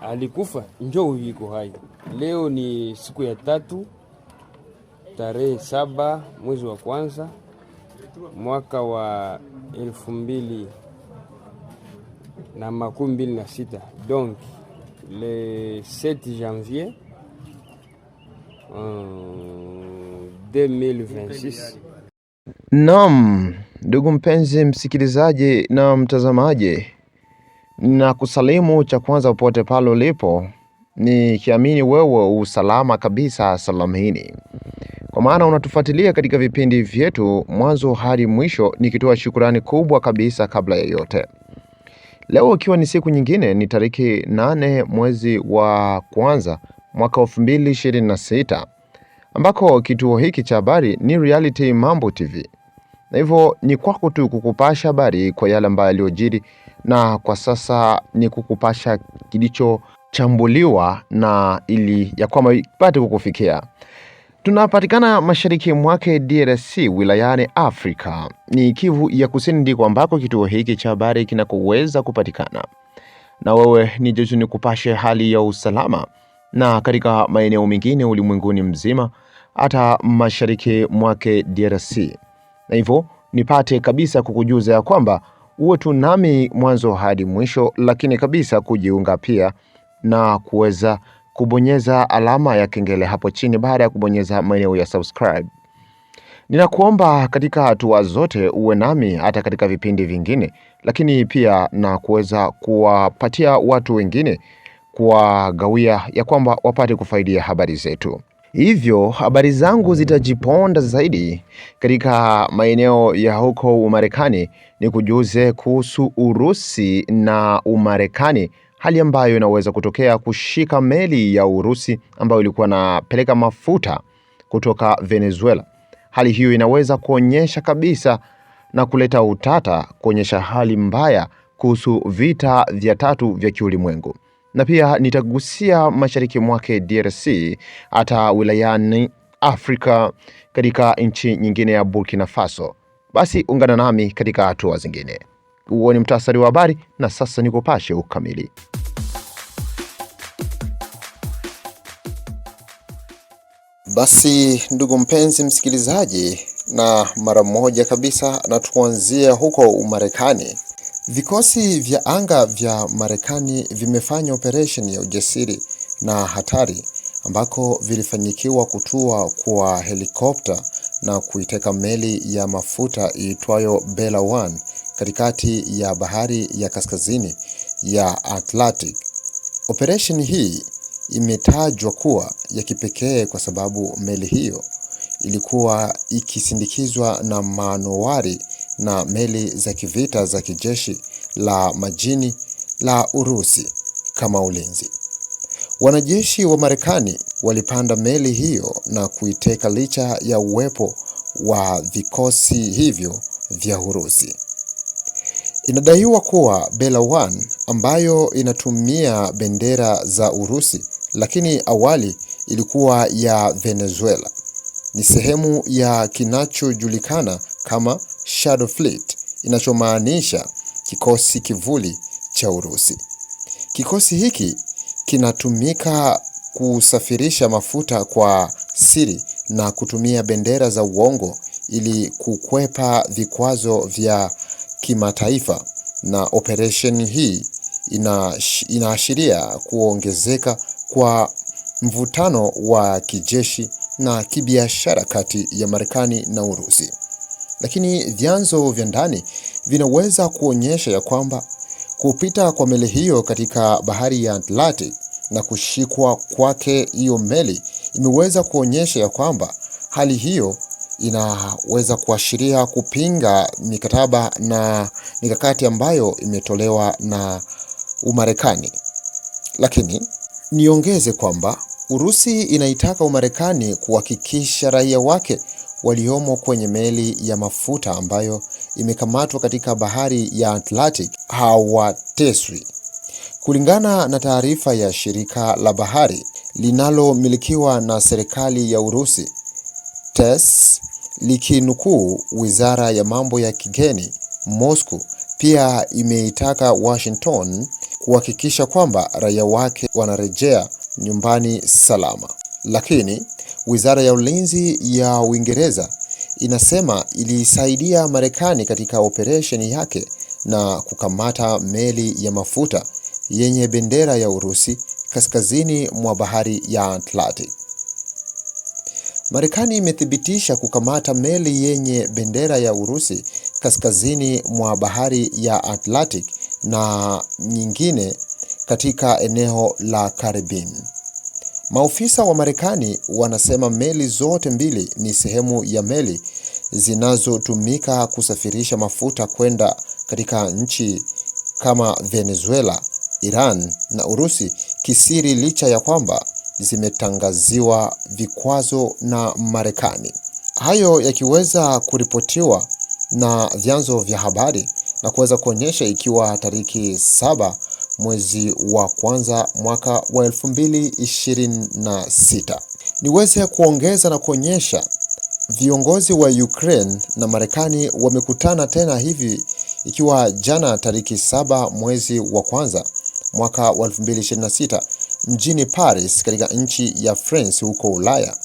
alikufa njo uyiko hai. Leo ni siku ya tatu tarehe saba mwezi wa kwanza mwaka wa elfu mbili na makumi mbili na sita donc le 7 janvier um, euh, 2026. Naam, ndugu mpenzi msikilizaji na mtazamaji na kusalimu cha kwanza popote pale ulipo, nikiamini wewe usalama kabisa salamini, kwa maana unatufuatilia katika vipindi vyetu mwanzo hadi mwisho, nikitoa shukurani kubwa kabisa kabla ya yote. Leo ikiwa ni siku nyingine, ni tariki nane mwezi wa kwanza mwaka 2026 ambako kituo hiki cha habari ni Reality Mambo TV, na hivyo ni kwako tu kukupasha habari kwa yale ambayo yaliyojiri na kwa sasa ni kukupasha kilichochambuliwa na ili ya kwamba ipate kukufikia. Tunapatikana mashariki mwake DRC wilayani Afrika, ni Kivu ya Kusini ndiko ambako kituo hiki cha habari kinakoweza kupatikana. Na wewe ni jeshi ni kupashe hali ya usalama na katika maeneo mengine ulimwenguni mzima, hata mashariki mwake DRC, na hivyo nipate kabisa kukujuza ya kwamba uwe tu nami mwanzo hadi mwisho, lakini kabisa kujiunga pia na kuweza kubonyeza alama ya kengele hapo chini baada ya kubonyeza maeneo ya subscribe. Ninakuomba katika hatua zote uwe nami hata katika vipindi vingine, lakini pia na kuweza kuwapatia watu wengine, kuwagawia ya kwamba wapate kufaidia habari zetu hivyo habari zangu zitajiponda zaidi katika maeneo ya huko Umarekani. Ni kujuze kuhusu Urusi na Umarekani, hali ambayo inaweza kutokea kushika meli ya Urusi ambayo ilikuwa inapeleka mafuta kutoka Venezuela. Hali hiyo inaweza kuonyesha kabisa na kuleta utata, kuonyesha hali mbaya kuhusu vita vya tatu vya kiulimwengu na pia nitagusia mashariki mwake DRC hata wilayani Afrika katika nchi nyingine ya Burkina Faso. Basi ungana nami katika hatua zingine. Huo ni mtasari wa habari, na sasa nikupashe ukamili. Basi ndugu mpenzi msikilizaji, na mara moja kabisa na huko Umarekani Vikosi vya anga vya Marekani vimefanya operesheni ya ujasiri na hatari ambako vilifanyikiwa kutua kwa helikopta na kuiteka meli ya mafuta iitwayo Bella One katikati ya bahari ya kaskazini ya Atlantic. Operesheni hii imetajwa kuwa ya kipekee kwa sababu meli hiyo ilikuwa ikisindikizwa na manowari na meli za kivita za kijeshi la majini la Urusi kama ulinzi. Wanajeshi wa Marekani walipanda meli hiyo na kuiteka licha ya uwepo wa vikosi hivyo vya Urusi. Inadaiwa kuwa One ambayo inatumia bendera za Urusi lakini awali ilikuwa ya Venezuela, ni sehemu ya kinachojulikana kama Shadow Fleet inachomaanisha kikosi kivuli cha Urusi. Kikosi hiki kinatumika kusafirisha mafuta kwa siri na kutumia bendera za uongo ili kukwepa vikwazo vya kimataifa, na operesheni hii inaashiria kuongezeka kwa mvutano wa kijeshi na kibiashara kati ya Marekani na Urusi lakini vyanzo vya ndani vinaweza kuonyesha ya kwamba kupita kwa meli hiyo katika bahari ya Atlantic na kushikwa kwake hiyo meli imeweza kuonyesha ya kwamba hali hiyo inaweza kuashiria kupinga mikataba na mikakati ambayo imetolewa na Umarekani. Lakini niongeze kwamba Urusi inaitaka Umarekani kuhakikisha raia wake waliomo kwenye meli ya mafuta ambayo imekamatwa katika bahari ya Atlantic hawateswi. Kulingana na taarifa ya shirika la bahari linalomilikiwa na serikali ya Urusi, TASS, likinukuu wizara ya mambo ya kigeni Moscow, pia imeitaka Washington kuhakikisha kwamba raia wake wanarejea nyumbani salama, lakini Wizara ya Ulinzi ya Uingereza inasema ilisaidia Marekani katika operesheni yake na kukamata meli ya mafuta yenye bendera ya Urusi kaskazini mwa bahari ya Atlantic. Marekani imethibitisha kukamata meli yenye bendera ya Urusi kaskazini mwa bahari ya Atlantic na nyingine katika eneo la Caribbean. Maofisa wa Marekani wanasema meli zote mbili ni sehemu ya meli zinazotumika kusafirisha mafuta kwenda katika nchi kama Venezuela, Iran na Urusi kisiri licha ya kwamba zimetangaziwa vikwazo na Marekani. Hayo yakiweza kuripotiwa na vyanzo vya habari na kuweza kuonyesha ikiwa tariki saba mwezi wa kwanza mwaka wa sita. Niweze kuongeza na kuonyesha viongozi wa Ukraine na Marekani wamekutana tena hivi ikiwa jana tariki saba mwezi wa kwanza mwaka wa sita mjini Paris katika nchi ya France huko Ulaya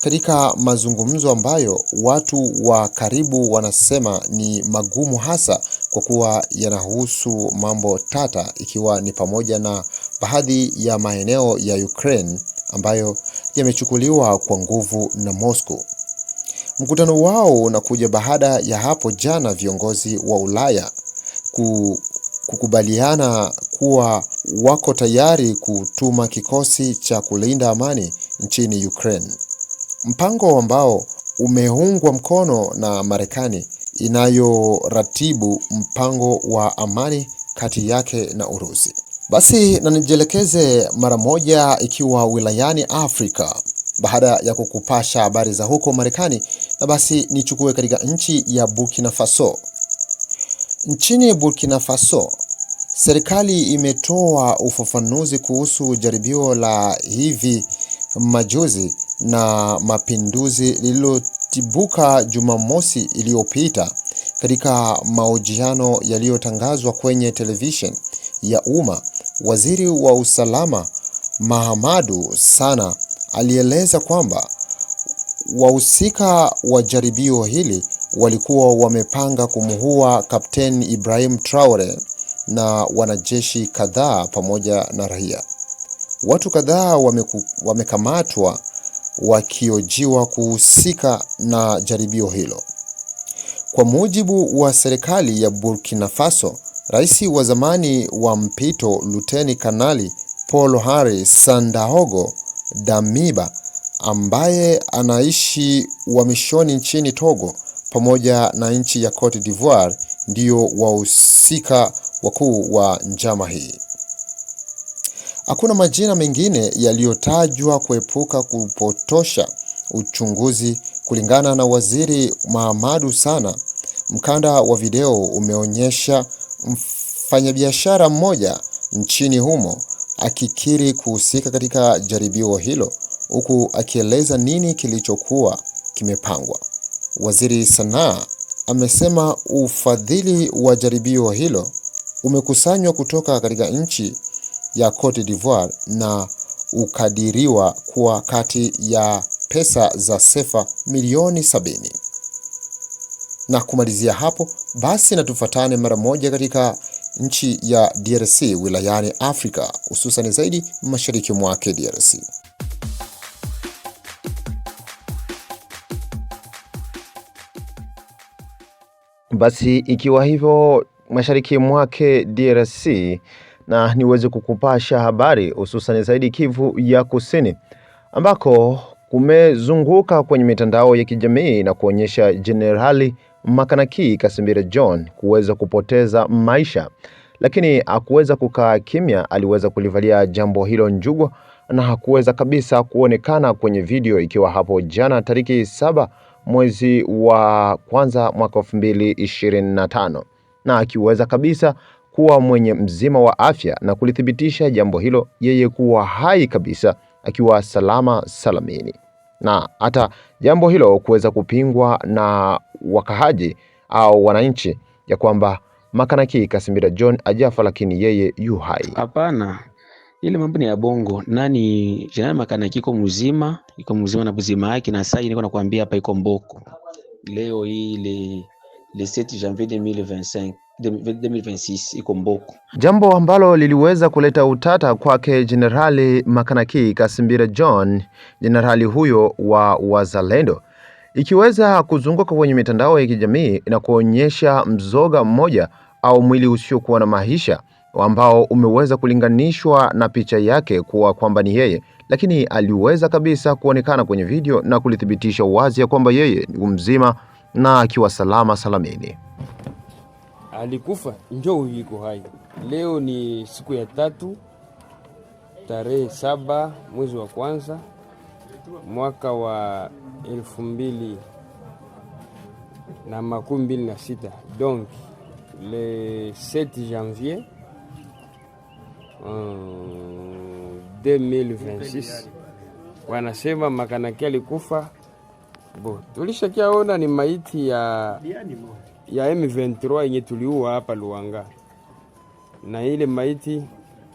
katika mazungumzo ambayo watu wa karibu wanasema ni magumu hasa kwa kuwa yanahusu mambo tata ikiwa ni pamoja na baadhi ya maeneo ya Ukraine ambayo yamechukuliwa kwa nguvu na Moscow. Mkutano wao unakuja baada ya hapo jana viongozi wa Ulaya kukubaliana kuwa wako tayari kutuma kikosi cha kulinda amani nchini Ukraine mpango ambao umeungwa mkono na Marekani inayoratibu mpango wa amani kati yake na Urusi. Basi na nijielekeze mara moja ikiwa wilayani Afrika baada ya kukupasha habari za huko Marekani, na basi nichukue katika nchi ya Burkina Faso. Nchini Burkina Faso, serikali imetoa ufafanuzi kuhusu jaribio la hivi majuzi na Mapinduzi lililotibuka Jumamosi iliyopita katika mahojiano yaliyotangazwa kwenye televishen ya umma, waziri wa usalama Mahamadu Sana alieleza kwamba wahusika wa jaribio hili walikuwa wamepanga kumuua Kapteni Ibrahim Traore na wanajeshi kadhaa pamoja na raia. Watu kadhaa wamekamatwa wakiojiwa kuhusika na jaribio hilo. Kwa mujibu wa serikali ya Burkina Faso, rais wa zamani wa mpito Luteni Kanali Paul Henri Sandaogo Damiba ambaye anaishi uhamishoni nchini Togo pamoja na nchi ya Cote d'Ivoire ndiyo wahusika wakuu wa njama hii. Hakuna majina mengine yaliyotajwa kuepuka kupotosha uchunguzi, kulingana na Waziri Mahamadu Sana. Mkanda wa video umeonyesha mfanyabiashara mmoja nchini humo akikiri kuhusika katika jaribio hilo huku akieleza nini kilichokuwa kimepangwa. Waziri Sanaa amesema ufadhili wa jaribio hilo umekusanywa kutoka katika nchi ya Cote d'Ivoire na ukadiriwa kuwa kati ya pesa za sefa milioni sabini. Na kumalizia hapo basi, na tufuatane mara moja katika nchi ya DRC wilayani Afrika, hususan zaidi mashariki mwake DRC. Basi ikiwa hivyo mashariki mwake DRC na niweze kukupasha habari hususan zaidi Kivu ya Kusini ambako kumezunguka kwenye mitandao ya kijamii na kuonyesha Jenerali Makanaki Kasimbira John kuweza kupoteza maisha, lakini hakuweza kukaa kimya. Aliweza kulivalia jambo hilo njugu na hakuweza kabisa kuonekana kwenye video, ikiwa hapo jana tariki saba mwezi wa kwanza mwaka 2025 na akiweza kabisa kuwa mwenye mzima wa afya na kulithibitisha jambo hilo, yeye kuwa hai kabisa akiwa salama salamini, na hata jambo hilo kuweza kupingwa na wakahaji au wananchi ya kwamba Makanaki Kasimira John ajafa lakini yeye yu hai. Hapana, ile mambo ni ya bongo. Nani Jenerali Makanaki iko mzima, iko mzima na buzima yake, na sasa niko nakwambia hapa iko mboko leo ile le 7 janvier 2025 2026 iko Mboko, jambo ambalo liliweza kuleta utata kwake Jenerali Makanaki Kasimbira John, jenerali huyo wa Wazalendo, ikiweza kuzunguka kwenye mitandao ya kijamii na kuonyesha mzoga mmoja au mwili usiokuwa na maisha ambao umeweza kulinganishwa na picha yake kuwa kwamba ni yeye, lakini aliweza kabisa kuonekana kwenye video na kulithibitisha wazi ya kwamba yeye ni mzima na akiwa salama salamini. Alikufa njo huyu hai. Leo ni siku ya tatu tarehe saba mwezi wa kwanza mwaka wa elfu mbili na makumi mbili na sita donc le 7 janvier um, euh, 2026 wanasema Makanaki alikufa Bo, tulishakiaona ni maiti ya ya M23 yenye tuliua hapa Luanga, na ile maiti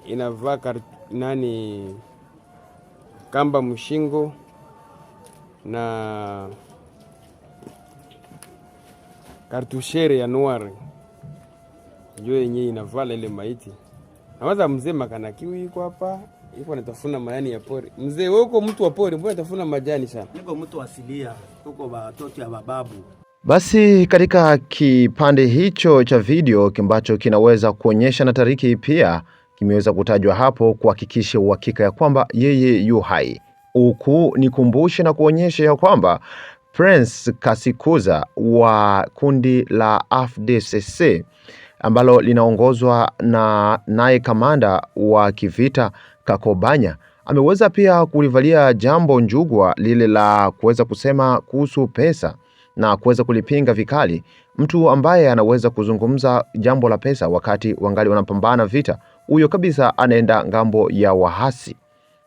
inavaa nani kamba mshingo na kartushere ya nuari njo yenye inavala ile maiti. Nawaza mzee Makanaki yuko hapa Iko natafuna mayani ya pori. Mzee wewe uko mtu wa pori, mbona unatafuna majani sana? Niko mtu asilia, uko watoto ya bababu. Basi katika kipande hicho cha video ambacho kinaweza kuonyesha na tariki pia kimeweza kutajwa hapo kuhakikisha uhakika ya kwamba yeye yu hai. Huku nikumbushe na kuonyesha ya kwamba Prince Kasikuza wa kundi la FDCC ambalo linaongozwa na naye kamanda wa kivita Kakobanya ameweza pia kulivalia jambo Njugwa lile la kuweza kusema kuhusu pesa na kuweza kulipinga vikali. Mtu ambaye anaweza kuzungumza jambo la pesa wakati wangali wanapambana vita, huyo kabisa anaenda ngambo ya wahasi,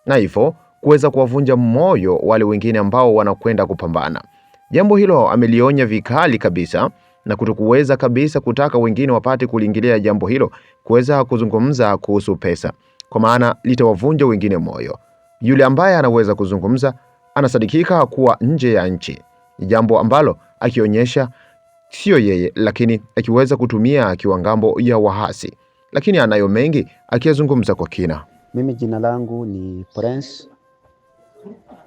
na hivyo kuweza kuwavunja moyo wale wengine ambao wanakwenda kupambana. Jambo hilo amelionya vikali kabisa na kutokuweza kabisa kutaka wengine wapate kuliingilia jambo hilo, kuweza kuzungumza kuhusu pesa kwa maana litawavunja wengine moyo. Yule ambaye anaweza kuzungumza anasadikika kuwa nje ya nchi, jambo ambalo akionyesha siyo yeye, lakini akiweza kutumia akiwa ngambo ya wahasi, lakini anayo mengi akiyazungumza kwa kina. Mimi jina langu ni Prince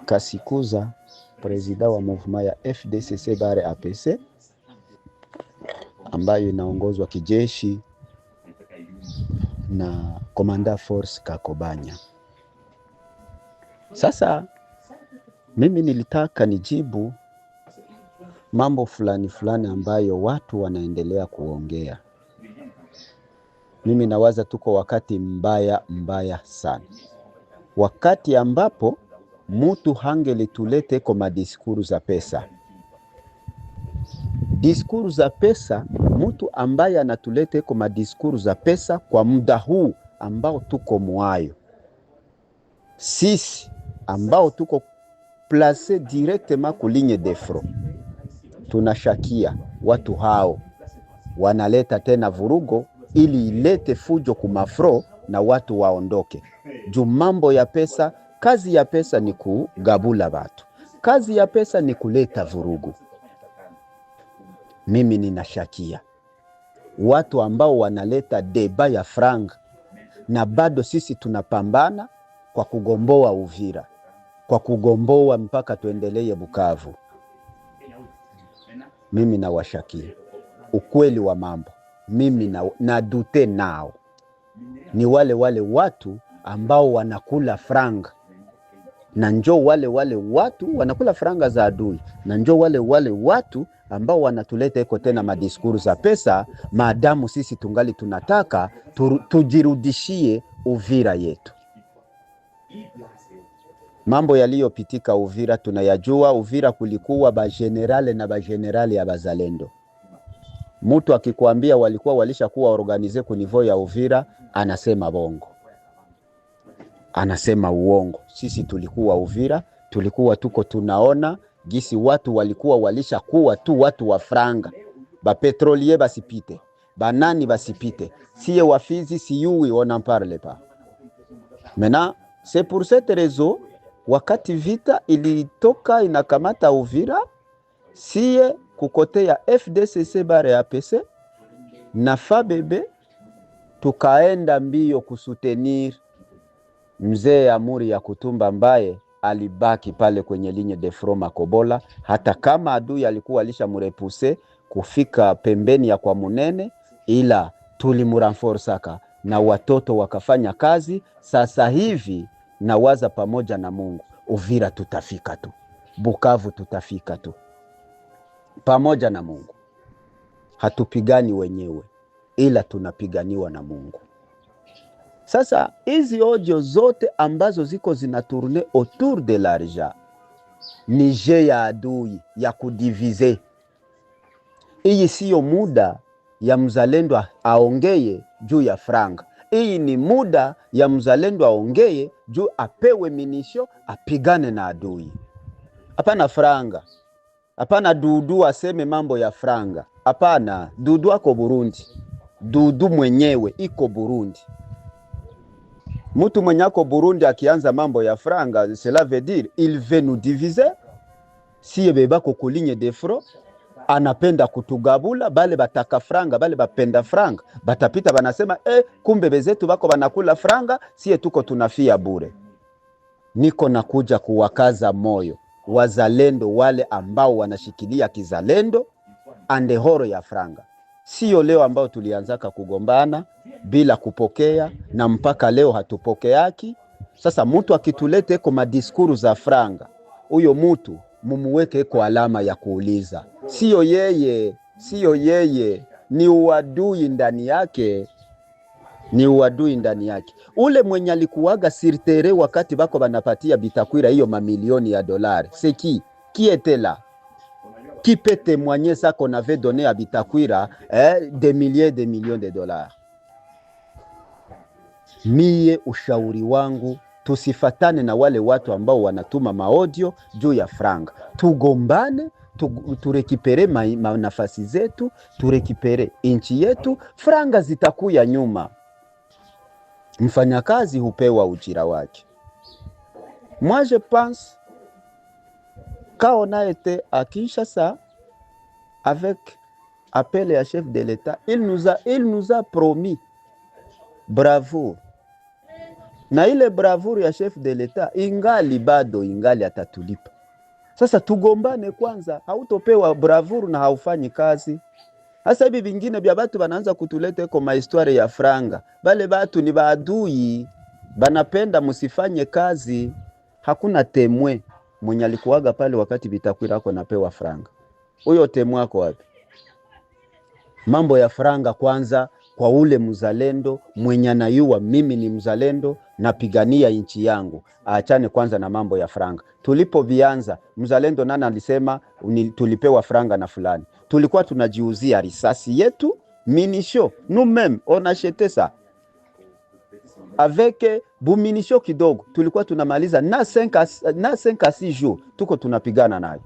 Kasikuza, presida wa movement ya FDCC Bare APC ambayo inaongozwa kijeshi na Komanda Force Kakobanya. Sasa mimi nilitaka nijibu mambo fulani fulani ambayo watu wanaendelea kuongea. Mimi nawaza tuko wakati mbaya mbaya sana, wakati ambapo mutu hangelitulete ko madiskuru za pesa, diskuru za pesa mtu ambaye anatuleta iko madiskuru za pesa kwa muda huu ambao tuko mwayo sisi ambao tuko place directement ku ligne de front, tunashakia watu hao wanaleta tena vurugo ili ilete fujo kumafro na watu waondoke. Juu mambo ya pesa, kazi ya pesa ni kugabula watu, kazi ya pesa ni kuleta vurugu mimi ninashakia watu ambao wanaleta deba ya franga na bado sisi tunapambana kwa kugomboa Uvira, kwa kugomboa mpaka tuendelee Bukavu. Mimi nawashakia ukweli wa mambo. Mimi na, na dute nao ni wale wale watu ambao wanakula franga na njo wale wale watu wanakula franga za adui na njo wale wale watu ambao wanatuleta eko tena madiskuru za pesa, maadamu sisi tungali tunataka tu, tujirudishie Uvira yetu. Mambo yaliyopitika Uvira tunayajua. Uvira kulikuwa bagenerale na bagenerale ya bazalendo. Mutu akikwambia walikuwa walishakuwa organize kunivo ya Uvira, anasema bongo, anasema uongo. Sisi tulikuwa Uvira, tulikuwa tuko tunaona gisi watu walikuwa walishakuwa tu watu wa franga, bapetrolie basipite, banani basipite, siye wafizi siyui on pa parle pas. c'est pour cette raison wakati vita ilitoka inakamata Uvira, siye kukote ya FDCC bare ya PC na Fabebe tukaenda mbio kusutenir mzee Amuri ya Kutumba mbaye alibaki pale kwenye linye de fro Makobola, hata kama adui alikuwa alishamurepuse kufika pembeni ya kwa Munene, ila tulimuranforsaka na watoto wakafanya kazi. Sasa hivi nawaza pamoja na Mungu, Uvira tutafika tu, Bukavu tutafika tu, pamoja na Mungu. Hatupigani wenyewe, ila tunapiganiwa na Mungu. Sasa hizi ojo zote ambazo ziko zinaturne autour de l'argent ni je ya adui ya kudivize. Iyi siyo muda ya mzalendo aongeye juu ya franga. Hii ni muda ya mzalendo aongeye juu apewe minisho apigane na adui. Hapana franga, hapana dudu aseme mambo ya franga. Hapana, dudu ako Burundi, dudu mwenyewe iko Burundi. Mutu mwenye ako Burundi akianza mambo ya franga, cela veut dire il veut nous diviser. Si bebako kulinye de front, anapenda kutugabula. Bale bataka franga, bale bapenda franga batapita, banasema eh, kumbe bezetu bako banakula franga, sie tuko tunafia bure. Niko nakuja kuwakaza moyo wazalendo wale ambao wanashikilia kizalendo andehoro ya franga Siyo leo ambayo tulianzaka kugombana bila kupokea, na mpaka leo hatupokeaki. Sasa mutu akitulete eko madiskuru za franga, huyo mutu mumuweke eko alama ya kuuliza. sio yeye, siyo yeye, ni uadui ndani yake, ni uadui ndani yake. Ule mwenye alikuwaga sirtere wakati bako banapatia Bitakwira hiyo mamilioni ya dolari seki kietela qui peut témoigner ça qu'on avait donné à Bitakwira, eh, des milliers des millions de dollars. Mie ushauri wangu tusifatane na wale watu ambao wanatuma maaudio juu ya franga, tugombane turekipere ma, ma nafasi zetu, turekipere inchi yetu. Franga zitakuya nyuma. Mfanyakazi hupewa ujira wake. Moi je pense Quand on a été à Kinshasa avec appel à chef de l'État, il nous a, il nous a promis bravoure na ile bravoure ya chef de l'État ingali bado ingali atatulipa. Sasa tugombane kwanza, hautopewa bravuru na haufanyi kazi. Hasa hivi vingine vya batu banaanza kutuleta ko mahistoria ya franga, bale batu ni baadui, banapenda musifanye kazi, hakuna temwe mwenye alikuwaga pale wakati Bitakwira ako napewa franga, huyo temu wako wapi? Mambo ya franga kwanza kwa ule mzalendo mwenye anayua mimi ni mzalendo, napigania nchi yangu, aachane kwanza na mambo ya franga. Tulipovianza mzalendo nana alisema tulipewa franga na fulani, tulikuwa tunajiuzia risasi yetu minisho numem onachetesa aveke buminisho kidogo tulikuwa tunamaliza na 5 5 6 jours tuko tunapigana nayo.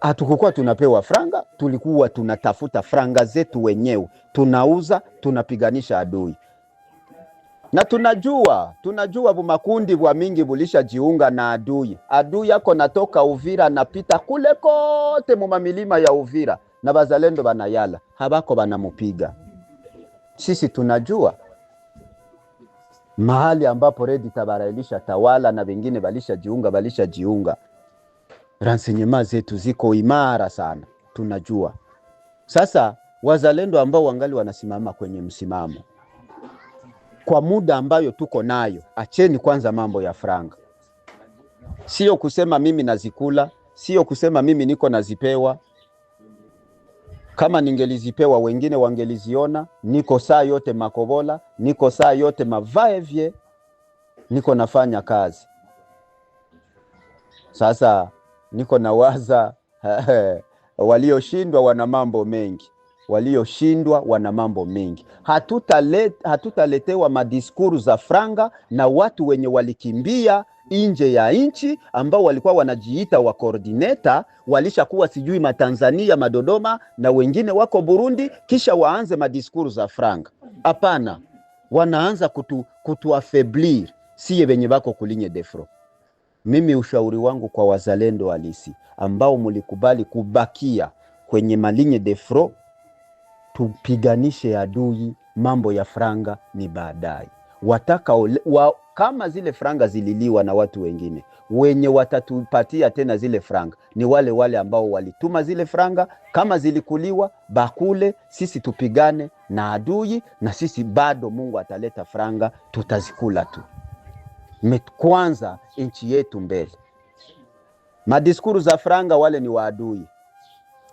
Hatukukuwa tunapewa franga, tulikuwa tunatafuta franga zetu wenyewe, tunauza tunapiganisha adui. Na tunajua tunajua bumakundi bwa mingi bulisha jiunga na adui. Adui yako natoka Uvira napita kule kote mumamilima ya Uvira na bazalendo banayala habako banamupiga. Sisi tunajua mahali ambapo redi Tabara ilisha tawala na wengine jiunga walishajiunga. Ransenyema zetu ziko imara sana, tunajua sasa. Wazalendo ambao wangali wanasimama kwenye msimamo kwa muda ambayo tuko nayo, acheni kwanza mambo ya franga. Sio kusema mimi nazikula, sio kusema mimi niko nazipewa kama ningelizipewa wengine wangeliziona. Niko saa yote Makobola, niko saa yote Mavaevye, niko nafanya kazi. Sasa niko nawaza walioshindwa wana mambo mengi walioshindwa wana mambo mengi. Hatutaletewa hatuta madiskuru za franga na watu wenye walikimbia nje ya nchi ambao walikuwa wanajiita wa koordineta, walishakuwa sijui Matanzania, Madodoma na wengine wako Burundi, kisha waanze madiskuru za franga. Hapana, wanaanza kutu, kutuafeblir siye wenye bako kulinye defro. Mimi ushauri wangu kwa wazalendo halisi ambao mulikubali kubakia kwenye malinye defro Tupiganishe adui, mambo ya franga ni baadaye. Wataka ole, wa, kama zile franga zililiwa na watu wengine, wenye watatupatia tena zile franga ni wale wale ambao walituma zile franga. Kama zilikuliwa bakule, sisi tupigane na adui, na sisi bado Mungu ataleta franga, tutazikula tu. Kwanza nchi yetu mbele. Madiskuru za franga wale ni waadui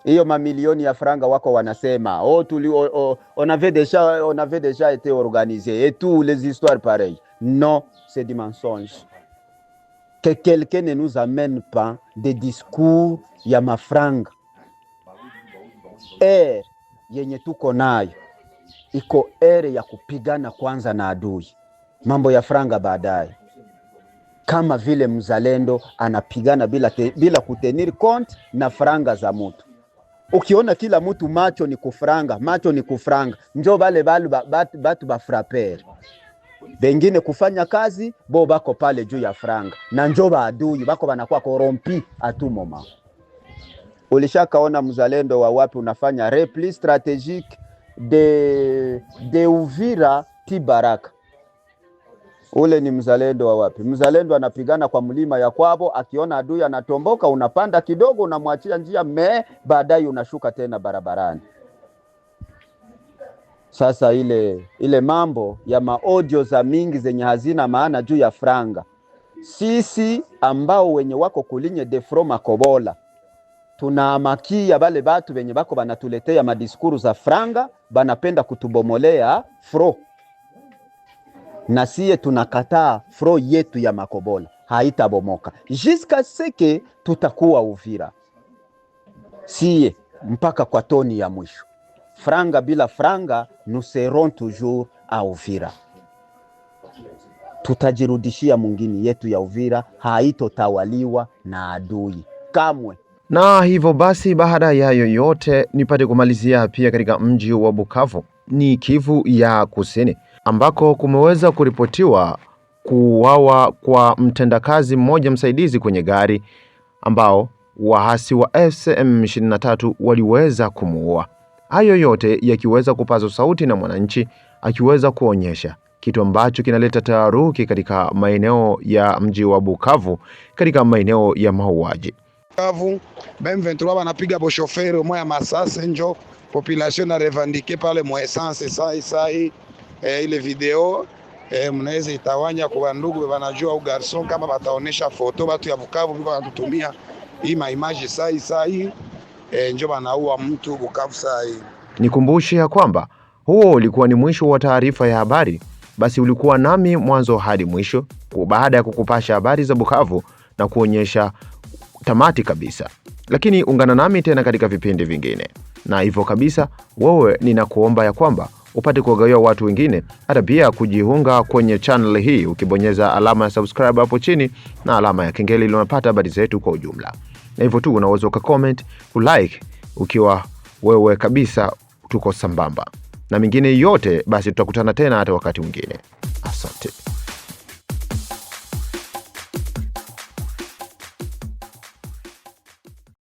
hiyo mamilioni ya franga wako wanasema oh, tuli, oh, oh, on avait déjà on avait déjà été organisé et toutes les histoires pareilles. Non, c'est du mensonge. Que quelqu'un ne nous amène pas des discours ya mafranga er yenye tuko nayo iko ere ya kupigana kwanza na adui, mambo ya franga baadaye, kama vile mzalendo anapigana bila, te, bila kutenir compte na franga za mutu ukiona kila mutu macho ni kufranga, macho ni kufranga, njo bale bale batu ba, bafrapere bengine kufanya kazi bo bako pale juu ya franga na njo baadui bako banakuwa korompi atumoma. Ulishakaona mzalendo wa wapi unafanya repli strategique de, de Uvira Tibaraka Ule ni mzalendo wa wapi? Mzalendo anapigana kwa mlima ya kwabo, akiona adui anatomboka, unapanda kidogo, unamwachia njia mee, baadaye unashuka tena barabarani. Sasa ile ile mambo ya maodio za mingi zenye hazina maana juu ya franga, sisi ambao wenye wako kulinye defro makobola tunaamakia bale batu wenye bako banatuletea madiskuru za franga, banapenda kutubomolea fro na siye tunakataa fro yetu ya Makobola haitabomoka jiska seke tutakuwa Uvira siye mpaka kwa toni ya mwisho franga bila franga nuseron toujours a Uvira tutajirudishia mungini yetu ya Uvira haitotawaliwa na adui kamwe. Na hivyo basi, baada ya yoyote nipate kumalizia pia katika mji wa Bukavu ni Kivu ya Kusini ambako kumeweza kuripotiwa kuuawa kwa mtendakazi mmoja msaidizi kwenye gari ambao waasi wa FCM 23 waliweza kumuua. Hayo yote yakiweza kupaza sauti na mwananchi akiweza kuonyesha kitu ambacho kinaleta taharuki katika maeneo ya mji wa Bukavu katika maeneo ya mauaji. Bukavu M23 wanapiga boshoferi moya masase njo population na revendique pale mwa essence sai sai e, ile video e, mnaweza itawanya kwa ndugu wanajua au garson kama bataonesha foto batu ya Bukavu biko wanatutumia hii maimaji sai sai e, njo banaua mtu Bukavu sai. Nikumbushe ya kwamba huo ulikuwa ni mwisho wa taarifa ya habari. Basi ulikuwa nami mwanzo hadi mwisho, baada ya kukupasha habari za Bukavu na kuonyesha tamati kabisa. Lakini ungana nami tena katika vipindi vingine, na hivyo kabisa, wewe ninakuomba ya kwamba upate kuwagawia watu wengine, hata pia kujiunga kwenye channel hii ukibonyeza alama ya subscribe hapo chini na alama ya kengele ili unapata habari zetu kwa ujumla. Na hivyo tu unaweza ukacomment, ulike ukiwa wewe kabisa tuko sambamba na mengine yote, basi tutakutana tena hata wakati mwingine. Asante.